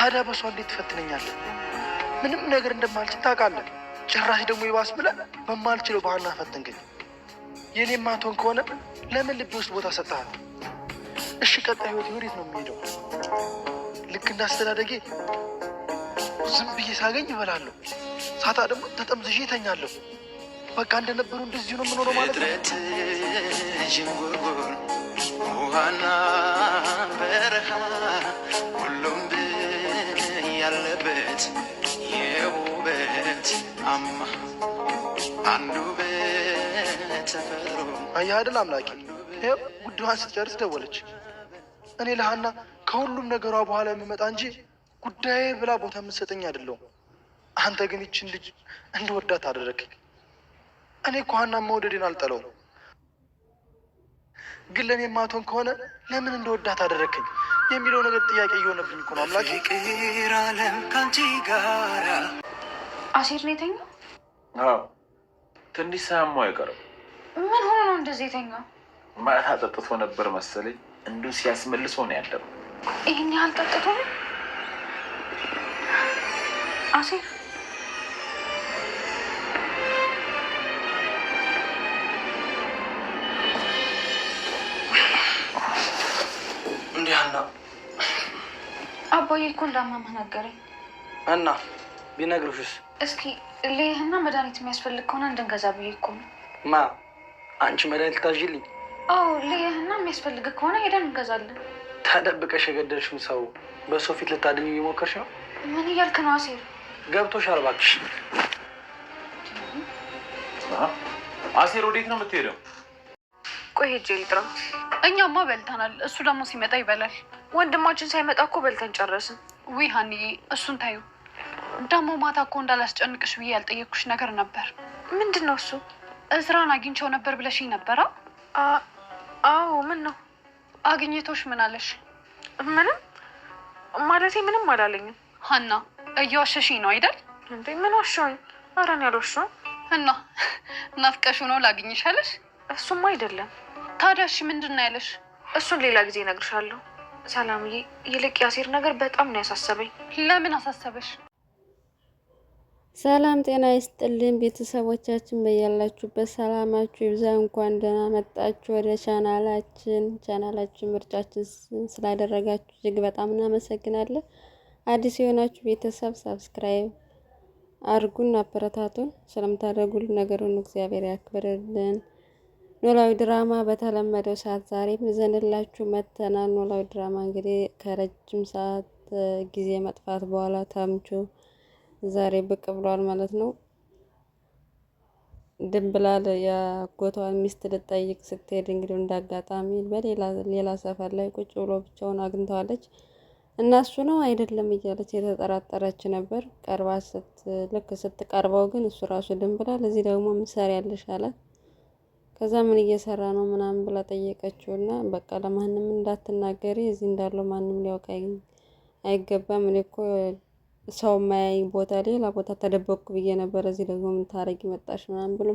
ታዲያ በሷ እንዴት ትፈትነኛለህ? ምንም ነገር እንደማልችል ታውቃለህ። ጭራሽ ደግሞ ይባስ ብለህ በማልችለው ባህና ፈትንገኝ። የእኔ ማቶን ከሆነ ለምን ልቤ ውስጥ ቦታ ሰጥሃል? እሺ ቀጣይ ህይወት ወዴት ነው የሚሄደው? ልክ እንዳስተዳደጌ ዝም ብዬ ሳገኝ እበላለሁ፣ ሳታ ደግሞ ተጠምዝዤ ይተኛለሁ። በቃ እንደነበሩ እንደዚሁ ነው የምኖረው ማለት ነው። ውሃና በረሃ አማ አንዱ በተፈሩ አይደል አምላኬ፣ ይኸው ጉዳዩን ስትጨርስ ደወለች። እኔ ለሀና ከሁሉም ነገሯ በኋላ የሚመጣ እንጂ ጉዳዬ ብላ ቦታ የምትሰጠኝ አይደለሁም። አንተ ግን ይችን ልጅ እንድወዳት አደረግኝ። እኔ እኮ ሀናን አልጠለው አልጠለውም፣ ግን ለእኔ ማቶን ከሆነ ለምን እንደወዳት አደረክኝ የሚለው ነገር ጥያቄ እየሆነብኝ እኮ ነው አምላኬ። አሴር ነው የተኛው? አዎ ትንሽ ሳያማ አይቀርም። ምን ሆኖ ነው እንደዚህ የተኛው? ማታ ጠጥቶ ነበር መሰለኝ። እንዱ ሲያስመልሶ ነው ያለው። ይህን ያህል ጠጥቶ ነው አሴር? እንዲህ አና አባዬ እኮ እንዳመመህ ነገረኝ እና ቢነግሩሽስ? እስኪ ሌህና መድኃኒት የሚያስፈልግ ከሆነ እንድንገዛ ብዬ እኮ ነው። ማ አንቺ መድኃኒት ታዥልኝ? አዎ ሌህና የሚያስፈልግ ከሆነ ሄደን እንገዛለን። ተደብቀሽ የገደልሽም ሰው በሰው ፊት ልታድኝ እየሞከርሽ ነው። ምን እያልክ ነው አሴር? ገብቶሻል እባክሽ። አሴር ወዴት ነው የምትሄደው? ቆይ ሄጄ ልጥራ። እኛማ በልተናል፣ እሱ ደግሞ ሲመጣ ይበላል። ወንድማችን ሳይመጣ እኮ በልተን ጨረስን። ውይ ሀኒዬ፣ እሱን ታዩ ደግሞ ማታ እኮ እንዳላስጨንቅሽ ብዬ ያልጠየቅኩሽ ነገር ነበር። ምንድን ነው እሱ? እዝራን አግኝቸው ነበር ብለሽኝ ነበራ? አዎ። ምን ነው አግኝቶሽ ምን አለሽ? ምንም ማለቴ ምንም አላለኝም። ሀና እየዋሸሽኝ ነው አይደል? እንዴ ምን ዋሸሁኝ? አረን እኔ አልዋሸሁም። እና ናፍቀሽው ነው ላግኝሽ አለሽ? እሱም አይደለም። ታዲያ ምንድን ነው ያለሽ? እሱን ሌላ ጊዜ እነግርሻለሁ። ሰላምዬ፣ ይልቅ ያሴር ነገር በጣም ነው ያሳሰበኝ። ለምን አሳሰበሽ? ሰላም ጤና ይስጥልን ቤተሰቦቻችን፣ በያላችሁበት ሰላማችሁ ይብዛ። እንኳን ደህና መጣችሁ ወደ ቻናላችን። ቻናላችን ምርጫችን ስላደረጋችሁ እጅግ በጣም እናመሰግናለን። አዲስ የሆናችሁ ቤተሰብ ሰብስክራይብ አድርጉን፣ አበረታቱን። ስለምታደርጉልን ነገሩን እግዚአብሔር ያክብርልን። ኖላዊ ድራማ በተለመደው ሰዓት ዛሬም ይዘንላችሁ መተናል። ኖላዊ ድራማ እንግዲህ ከረጅም ሰዓት ጊዜ መጥፋት በኋላ ተምቹ ዛሬ ብቅ ብሏል ማለት ነው። ድንብላል የአጎቷን ሚስት ልጠይቅ ስትሄድ እንግዲህ እንዳጋጣሚ በሌላ ሰፈር ላይ ቁጭ ብሎ ብቻውን አግኝተዋለች እና እሱ ነው አይደለም እያለች የተጠራጠረች ነበር። ቀርባ ልክ ስትቀርበው ግን እሱ ራሱ ድንብላል እዚህ ደግሞ ምን ትሰሪያለሽ አላት። ከዛ ምን እየሰራ ነው ምናምን ብላ ጠየቀችው እና በቃ ለማንም እንዳትናገሪ እዚህ እንዳለው ማንም ሊያውቅ አይገባም እኔ እኮ ሰው የማያይ ቦታ ሌላ ቦታ ተደበቅኩ ብዬ ነበረ። እዚህ ደግሞ ምን ታረጊ መጣሽ ምናምን ብሎ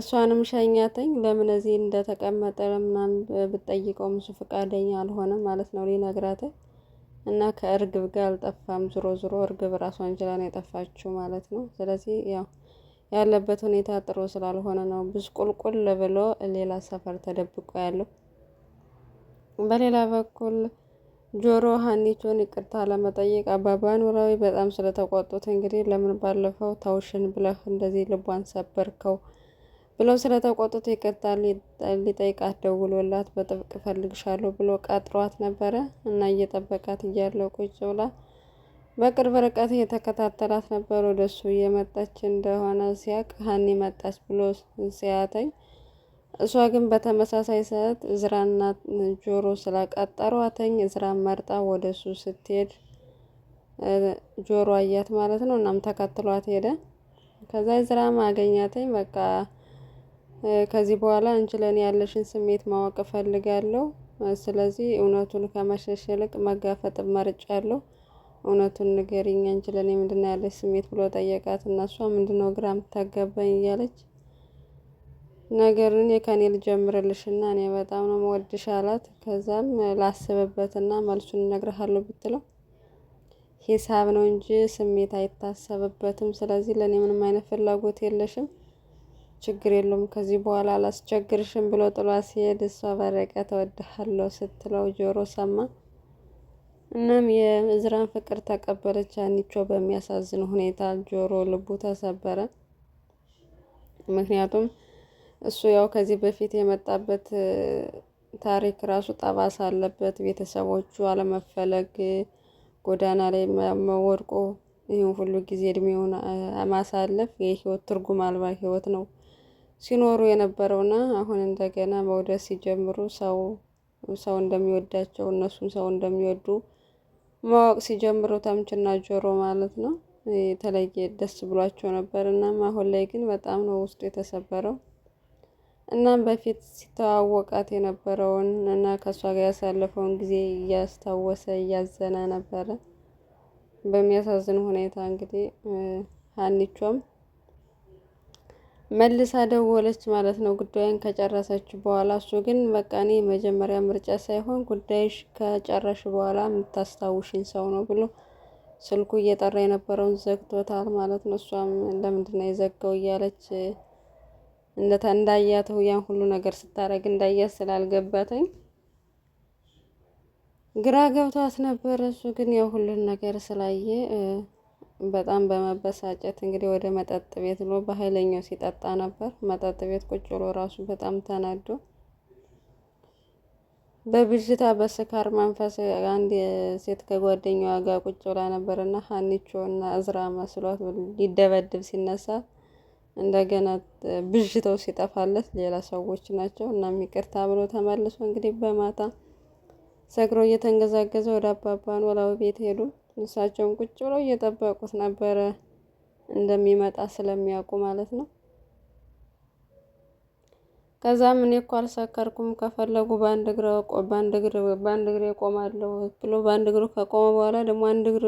እሷንም ሸኛተኝ። ለምን እዚህ እንደተቀመጠ ምናምን ብጠይቀውም እሱ ፈቃደኛ አልሆነም ማለት ነው ሊነግራት እና ከእርግብ ጋር አልጠፋም። ዝሮ ዝሮ እርግብ ራሷን ችላ ነው የጠፋችው ማለት ነው። ስለዚህ ያው ያለበት ሁኔታ ጥሩ ስላልሆነ ነው ብስቁልቁል ብሎ ሌላ ሰፈር ተደብቆ ያለው። በሌላ በኩል ጆሮ ሀኒቾን ይቅርታ ለመጠየቅ አባባ ኖላዊ በጣም ስለተቆጡት እንግዲህ ለምን ባለፈው ታውሽን ብለህ እንደዚህ ልቧን ሰበርከው ብለው ስለተቆጡት ይቅርታ ሊጠይቃት ደውሎላት በጥብቅ ፈልግሻለሁ ብሎ ቀጥሯት ነበረ እና እየጠበቃት እያለው ቁጭ ብላ በቅርብ ርቀት እየተከታተላት ነበር። ወደሱ እየመጣች እንደሆነ ሲያቅ ሀኒ መጣች ብሎ ሲያተኝ እሷ ግን በተመሳሳይ ሰዓት እዝራና ጆሮ ስለቀጠሯትኝ ዝራ መርጣ ወደ እሱ ስትሄድ ጆሮ አያት ማለት ነው። እናም ተከትሏት ሄደ። ከዛ ዝራ ማገኛተኝ በቃ ከዚህ በኋላ አንቺ ለእኔ ያለሽን ስሜት ማወቅ እፈልጋለሁ። ስለዚህ እውነቱን ከመሸሽ ይልቅ መጋፈጥ መርጫለሁ። እውነቱን ንገሪኝ፣ አንቺ ለእኔ ምንድነው ያለሽ ስሜት ብሎ ጠየቃት እና እሷ ምንድነው ግራ የምታገባኝ እያለች ነገርን የከኔ ልጀምርልሽና እኔ በጣም ነው መወድሽ አላት። ከዛም ላስብበትና መልሱን እነግርሃለሁ ብትለው ሂሳብ ነው እንጂ ስሜት አይታሰብበትም። ስለዚህ ለእኔ ምንም አይነት ፍላጎት የለሽም፣ ችግር የለውም፣ ከዚህ በኋላ አላስቸግርሽም ብሎ ጥሏ ሲሄድ እሷ በረቀ ተወድሃለሁ ስትለው ጆሮ ሰማ። እናም የእዝራን ፍቅር ተቀበለች። አንቾ በሚያሳዝን ሁኔታ ጆሮ ልቡ ተሰበረ። ምክንያቱም እሱ ያው ከዚህ በፊት የመጣበት ታሪክ ራሱ ጠባሳ አለበት። ቤተሰቦቹ አለመፈለግ፣ ጎዳና ላይ መወድቆ ይህም ሁሉ ጊዜ እድሜውን ማሳለፍ የህይወት ትርጉም አልባ ህይወት ነው ሲኖሩ የነበረውና አሁን እንደገና መውደስ ሲጀምሩ ሰው ሰው እንደሚወዳቸው እነሱም ሰው እንደሚወዱ ማወቅ ሲጀምሩ ተምችና ጆሮ ማለት ነው የተለየ ደስ ብሏቸው ነበር። እናም አሁን ላይ ግን በጣም ነው ውስጡ የተሰበረው። እናም በፊት ሲተዋወቃት የነበረውን እና ከእሷ ጋር ያሳለፈውን ጊዜ እያስታወሰ እያዘነ ነበረ። በሚያሳዝን ሁኔታ እንግዲህ ሀኒቿም መልሳ ደወለች ማለት ነው። ጉዳዩን ከጨረሰች በኋላ እሱ ግን በቃ እኔ መጀመሪያ ምርጫ ሳይሆን ጉዳይሽ ከጨረሽ በኋላ የምታስታውሽኝ ሰው ነው ብሎ ስልኩ እየጠራ የነበረውን ዘግቶታል ማለት ነው። እሷም ለምንድነው የዘጋው እያለች እንዳያተው ያን ሁሉ ነገር ስታረግ እንዳያት ስላልገባተኝ ግራ ገብቷት ነበር። እሱ ግን ያው ሁሉን ነገር ስላየ በጣም በመበሳጨት እንግዲህ ወደ መጠጥ ቤት ብሎ በኃይለኛው ሲጠጣ ነበር። መጠጥ ቤት ቁጭ ብሎ ራሱ በጣም ተናዶ በብዥታ በስካር መንፈስ አንድ ሴት ከጓደኛዋ ጋር ቁጭ ብላ ነበርና ሀኒቾ እና እዝራ መስሏት ሊደበድብ ሲነሳ እንደገና ብዥተው ሲጠፋለት ሌላ ሰዎች ናቸው። እና ይቅርታ ብሎ ተመልሶ እንግዲህ በማታ ሰክሮ እየተንገዛገዘ ወደ አባባን ኖላዊ ቤት ሄዱ። እሳቸውም ቁጭ ብለው እየጠበቁት ነበረ እንደሚመጣ ስለሚያውቁ ማለት ነው። ከዛም እኔ እኮ አልሰከርኩም ከፈለጉ በአንድ እግር በአንድ እግር በአንድ እግር ቆማለሁ ብሎ በአንድ እግሩ ከቆመ በኋላ ደግሞ አንድ እግር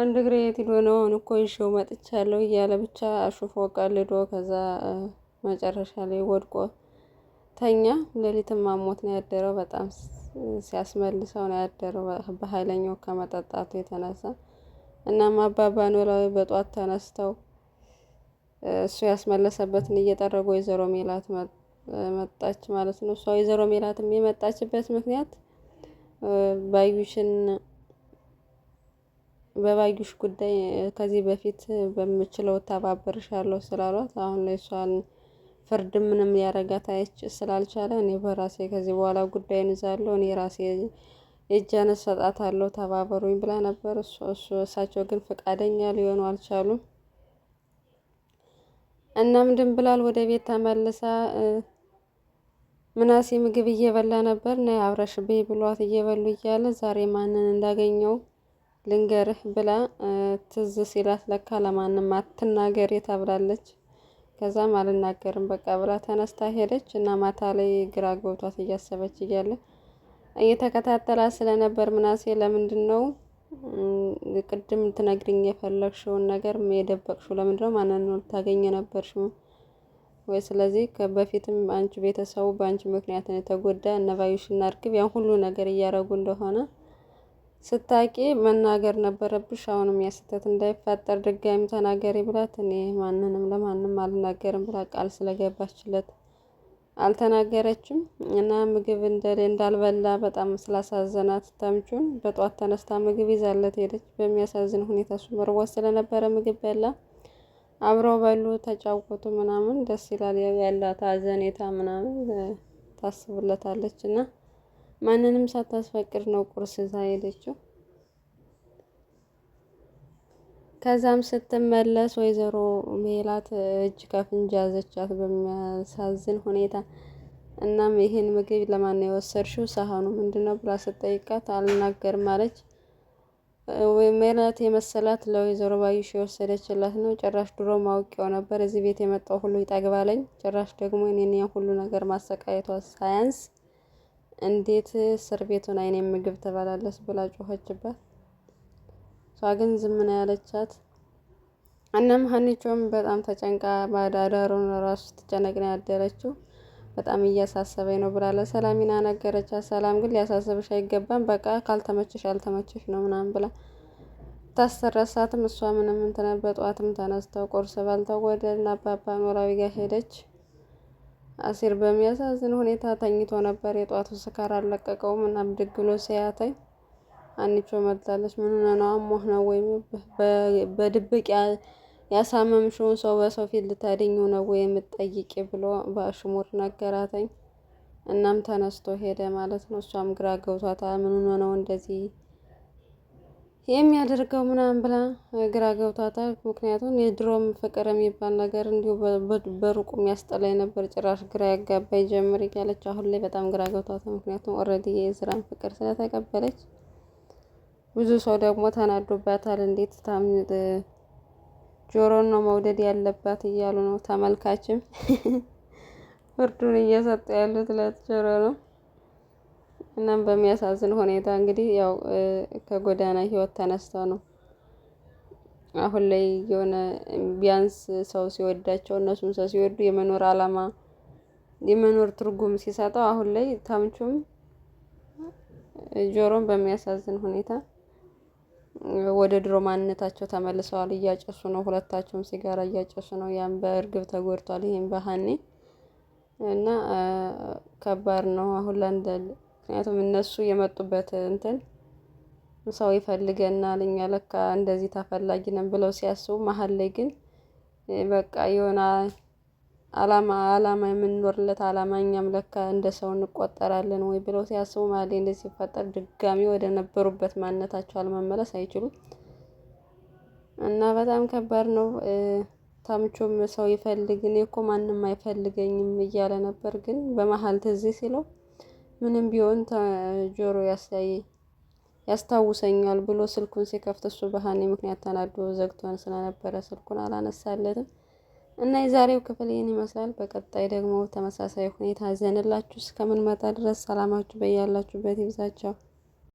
አንድ እግሬ የት ሄዶ ነው አሁን እኮ ይዤው መጥቻለሁ እያለ ብቻ አሹፎ ቀልዶ ከዛ መጨረሻ ላይ ወድቆ ተኛ። ሌሊትም አሞት ነው ያደረው። በጣም ሲያስመልሰው ነው ያደረው በኃይለኛው ከመጠጣቱ የተነሳ። እናም አባባ ኖላዊ በጧት ተነስተው እሱ ያስመለሰበትን እየጠረጉ ወይዘሮ ሜላት መጣች ማለት ነው። እሷ ወይዘሮ ሜላትም የመጣችበት ምክንያት ባዩሽን በባዩሽ ጉዳይ ከዚህ በፊት በምችለው ተባብርሻለሁ ስላሏት አሁን ላይ እሷን ፍርድ ምንም አይች ስላልቻለ እኔ በራሴ ከዚህ በኋላ ጉዳይን ይዛለሁ እኔ ራሴ የጃነ አነስ ሰጣታለሁ ተባበሩኝ ብላ ነበር። እሳቸው ግን ፈቃደኛ ሊሆኑ አልቻሉም። እናም ብላል ወደ ቤት ተመልሳ ምናሴ ምግብ እየበላ ነበር እና አብረሽ ብሏት እየበሉ እያለ ዛሬ ማንን እንዳገኘው ልንገርህ ብላ ትዝ ሲላት ለካ ለማንም አትናገሪ ታብላለች። ከዛም አልናገርም በቃ ብላ ተነስታ ሄደች እና ማታ ላይ ግራ ገብቷት እያሰበች እያለ እየተከታተላት ስለነበር ምናሴ ለምንድን ነው ቅድም ትነግሪኝ የፈለግሽውን ነገር የደበቅሽው ለምንድን ነው? ማንን ነው ልታገኝ የነበርሽው? ወይ ስለዚህ በፊትም አንቺ ቤተሰቡ በአንቺ ምክንያት ነው የተጎዳ እነ ባዩሽና እርግብ ያን ሁሉ ነገር እያረጉ እንደሆነ ስታቂ መናገር ነበረብሽ። አሁንም ያስተት እንዳይፈጠር ድጋሚ ተናገሪ ብላት እኔ ማንንም ለማንም አልናገርም ብላ ቃል ስለገባችለት አልተናገረችም እና ምግብ እንደሌ እንዳልበላ በጣም ስላሳዘናት ተምቹን በጧት ተነስታ ምግብ ይዛለት ሄደች። በሚያሳዝን ሁኔታ እሱ መርዋት ስለነበረ ምግብ በላ። አብረው በሉ፣ ተጫወቱ፣ ምናምን ደስ ይላል። ያላት አዘኔታ ምናምን ታስብለታለች እና ማንንም ሳታስፈቅድ ነው ቁርስ ይዛ ሄደችው። ከዛም ስትመለስ ወይዘሮ ሜላት እጅ ከፍንጅ ያዘቻት በሚያሳዝን ሁኔታ። እናም ይህን ምግብ ለማን ነው የወሰድሽው? ሳህኑ ምንድነው ብላ ስጠይቃት አልናገርም አለች። ሜላት የመሰላት ለወይዘሮ ባዩሽ የወሰደችላት ነው። ጭራሽ ድሮ ማውቂያው ነበር። እዚህ ቤት የመጣው ሁሉ ይጠግባለኝ፣ ጭራሽ ደግሞ እኔን ሁሉ ነገር ማሰቃየቷ ሳያንስ እንዴት እስር ቤቱን አይኔም ምግብ ትበላለች ብላ ጮኸችበት። እሷ ግን ዝም ነው ያለቻት። እናም ሀኒቾም በጣም ተጨንቃ ባዳዳሩን ራሱ ስትጨነቅ ነው ያደረችው። በጣም እያሳሰበኝ ነው ብላ ለሰላሚና ነገረቻት። ሰላም ግን ሊያሳስብሽ አይገባም፣ በቃ ካልተመችሽ አልተመችሽ ነው ምናምን ብላ ታሰረሳትም። እሷ ምንም እንትን በጠዋትም ተነስተው ቁርስ በልተው ወደ እና አባባ ኖላዊ ጋር ሄደች። አሲር በሚያሳዝን ሁኔታ ተኝቶ ነበር። የጧቱ ስካር አልለቀቀውም እና ድግሎ ብሎ ሲያተኝ አንቾ መጣለች። ምን ሆነ ነው አሞህ ነው ወይም በድብቅ ያሳመምሽውን ሰው በሰው ፊት ልታድኝ ነው ወይ የምትጠይቂ ብሎ በአሽሙር ነገራተኝ። እናም ተነስቶ ሄደ ማለት ነው። እሷም ግራ ገብቷታ ምን ሆነ ነው እንደዚህ የሚያደርገው ምናምን ብላ ግራ ገብቷታል። ምክንያቱም የድሮም ፍቅር የሚባል ነገር እንዲሁ በሩቁ የሚያስጠላ ነበር ጭራሽ ግራ ያጋባይ ጀምር እያለች አሁን ላይ በጣም ግራ ገብቷታል። ምክንያቱም ኦልሬዲ የዝራን ፍቅር ስለተቀበለች ብዙ ሰው ደግሞ ተናዶባታል። እንዴት ጆሮን ነው መውደድ ያለባት እያሉ ነው ተመልካችም ፍርዱን እየሰጡ ያሉት ጆሮ ነው። እናም በሚያሳዝን ሁኔታ እንግዲህ ያው ከጎዳና ህይወት ተነስተው ነው አሁን ላይ የሆነ ቢያንስ ሰው ሲወዳቸው እነሱም ሰው ሲወዱ የመኖር አላማ የመኖር ትርጉም ሲሰጠው አሁን ላይ ታምቹም ጆሮም በሚያሳዝን ሁኔታ ወደ ድሮ ማንነታቸው ተመልሰዋል። እያጨሱ ነው፣ ሁለታቸውም ሲጋራ እያጨሱ ነው። ያም በእርግብ ተጎድቷል፣ ይህም በሀኔ እና ከባድ ነው አሁን ምክንያቱም እነሱ የመጡበት እንትን ሰው ይፈልገናል እኛ ለካ እንደዚህ ተፈላጊ ነን ብለው ሲያስቡ መሀል ላይ ግን በቃ የሆነ አላማ አላማ የምንኖርለት አላማ እኛም ለካ እንደ ሰው እንቆጠራለን ወይ ብለው ሲያስቡ መሀል ላይ እንደዚህ ሲፈጠር ድጋሚ ወደ ነበሩበት ማንነታቸው አለመመለስ አይችሉም እና በጣም ከባድ ነው። ታምቾም ሰው ይፈልግ እኔ እኮ ማንም አይፈልገኝም እያለ ነበር፣ ግን በመሀል ትዝ ሲለው ምንም ቢሆን ጆሮ ያስታውሰኛል ብሎ ስልኩን ሲከፍት እሱ በሀኒ ምክንያት ተናዶ ዘግቶን ስለነበረ ስልኩን አላነሳለትም። እና የዛሬው ክፍል ይህን ይመስላል። በቀጣይ ደግሞ ተመሳሳይ ሁኔታ ዘንላችሁ እስከምንመጣ ድረስ ሰላማችሁ በያላችሁበት ይብዛቸው።